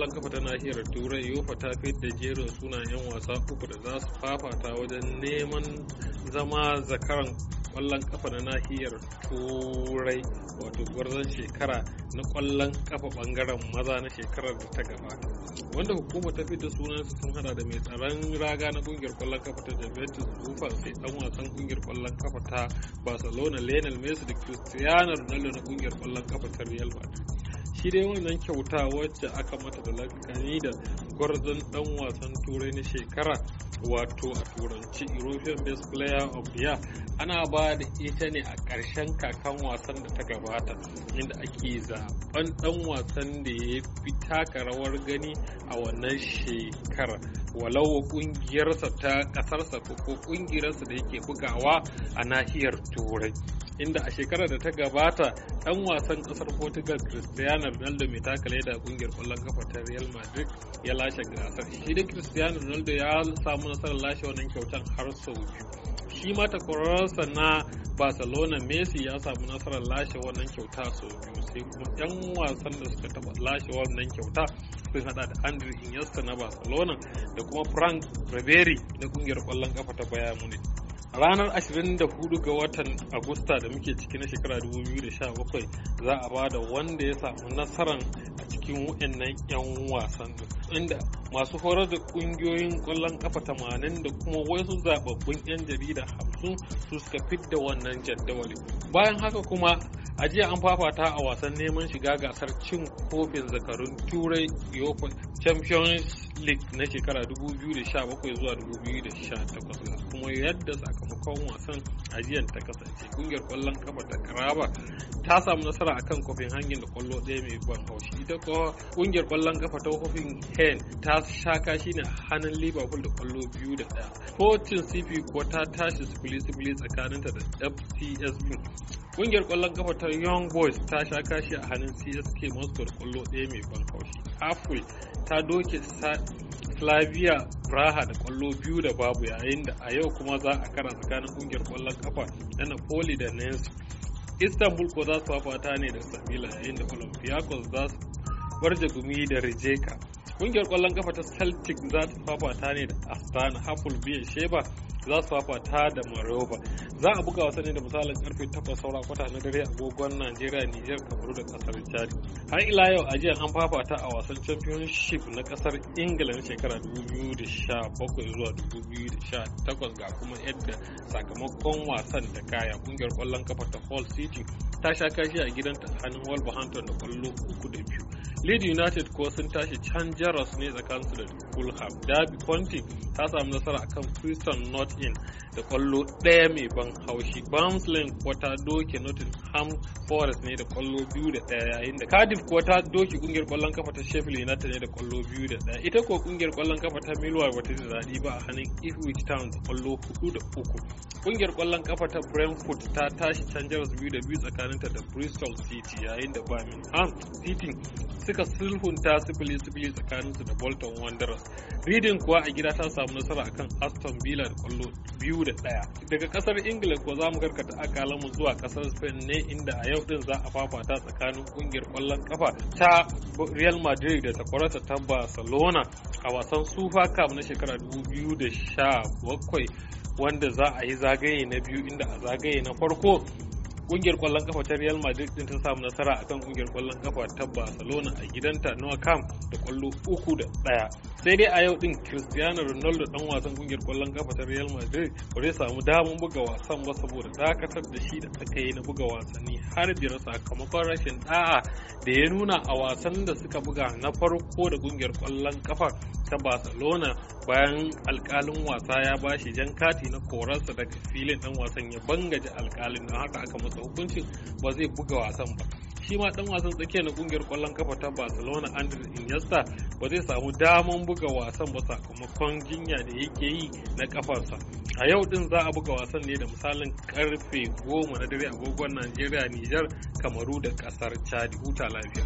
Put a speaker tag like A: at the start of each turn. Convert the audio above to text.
A: kwallon kafa ta nahiyar turai yofa ta da jerin sunayen wasa uku da za su fafata wajen neman zama zakaran kwallon kafa na nahiyar turai wato gwarzon shekara na kwallon kafa bangaren maza na shekarar da ta gaba wanda hukumar ta fita sunan su sun hada da mai tsaron raga na kungiyar kwallon kafa ta juventus zufa sai dan wasan kungiyar kwallon kafa ta barcelona lionel messi da cristiano ronaldo na kungiyar kwallon kafa ta real madrid shi dai wannan kyauta wacce aka mata da lakani da gwarzon dan wasan turai na shekara wato a turanci european best player of the year ana ba da ita ne a ƙarshen kakan wasan da ta gabata inda ake zaben dan wasan da ya fi taka rawar gani a wannan shekara walau kungiyarsa ta ƙasarsa ko kungiyarsa da yake bugawa a nahiyar turai inda a shekarar da ta gabata dan wasan kasar portugal cristiano ronaldo mai takale da kungiyar kwallon kafa ta real madrid ya lashe gasar shi da cristiano ronaldo ya samu nasarar lashe wannan kyautan har sau biyu shi ma takwararsa na barcelona messi ya samu nasarar lashe wannan kyauta sau biyu sai kuma yan wasan da suka taba lashe wannan kyauta sun hada da andre iniesta na barcelona da kuma frank ribery na kungiyar kwallon kafa ta bayern munich ranar 24 ga watan agusta da muke ciki na shekara 2017 za a ba da wanda ya samu nasarar a cikin wa'annan 'yan wasan inda masu horar da kungiyoyin kwallon kafa 80 da kuma wasu zababbun 'yan jarida su su suka fidda wannan jaddawali bayan haka kuma a jiya an fafata a wasan neman shiga gasar cin kofin zakarun turai europa champions league na shekara 2017 zuwa 2018 kuma yadda sakamakon wasan ajiyar ta kasance kungiyar kwallon kafa ta karaba ta samu nasara akan kofin hangin da kwallo ɗaya mai ban haushi ita kuwa kungiyar kwallon kafa ta kofin hen ta shaka shi ne hannun liverpool da kwallo biyu da ɗaya 14 cp kuwa ta tashi su sifili-sifili tsakaninta da fcsb kungiyar kwallon kafa ta young boys ta sha kashi a hannun csk moscow da kwallo ɗaya mai ban haushi afri ta doke slavia Braha da kwallo biyu da babu yayin da a yau kuma za a kara tsakanin kungiyar kwallon kafa na Napoli da Nancy. Istanbul ko za su fafata ne da Sabila yayin da Olympiacos za su warje gumi da Rijeka. Kungiyar kwallon kafa ta Celtic za ta fafata ne da Astana Hapul Biyan Sheba za su fafata da maroba. za a buga wasanni da misalin karfe 8 saura kwata na dare agogon Najeriya, Nijar, Kamaru da kasar Chad. Har ila yau a jiya an fafata a wasan Championship na kasar Ingila na shekara 2017 zuwa 2018 ga kuma yadda sakamakon wasan da kaya kungiyar kwallon kafa ta Hull City ta sha kashi a gidan tsakanin Wolverhampton da kwallo uku da biyu. Leeds United ko sun tashi can jaros ne tsakansu da Fulham. dabi County ta samu nasara akan Preston North End da kwallo ɗaya mai ban haushi haushi Barnsley kuwa ta doke Nottingham Forest ne da kwallo biyu da ɗaya yayin da Cardiff kuwa ta doke kungiyar kwallon kafa ta Sheffield United ne da kwallo biyu da ɗaya ita ko kungiyar kwallon kafa ta Millwall bata ji zaɗi ba a hannun Ipswich Town da kwallo hudu da uku kungiyar kwallon kafa ta Brentford ta tashi canjaras biyu da biyu tsakaninta da Bristol City yayin da Birmingham City suka sulhunta sifili sifili tsakaninsu da Bolton Wanderers Reading kuwa a gida ta samu nasara akan Aston Villa da kwallo biyu da ɗaya daga kasar Ingila ingila ko za mu karkata akalanmu zuwa kasar spain ne inda a yau din za a fafata tsakanin kungiyar kwallon kafa ta real madrid da takwarata ta barcelona a wasan sufa cup na shekara 2017 wanda za a yi zagaye na biyu inda a zagaye na farko kungiyar kwallon kafa ta real madrid din ta samu nasara akan kungiyar kwallon kafa ta barcelona a gidanta nou camp da kwallo uku da daya sai dai a yau din cristiano ronaldo dan wasan kungiyar kwallon kafa ta real madrid ba zai samu damar buga wasan ba saboda dakatar da shi da aka yi na buga wasanni har biyar sakamakon rashin da'a da ya nuna a wasan da suka buga na farko da kungiyar kwallon kafa ta barcelona bayan alkalin wasa ya ba shi jan kati na korarsa daga filin dan wasan ya bangaje alkalin don haka aka masa hukuncin ba zai buga wasan ba shi ma dan wasan tsakiya na kungiyar kwallon kafa ta barcelona andres iniesta ba zai samu daman buga wasan ba sakamakon jinya da yake yi na kafarsa a yau din za a buga wasan ne da misalin karfe goma na dare agogon najeriya nijar kamaru da kasar chad huta lafiya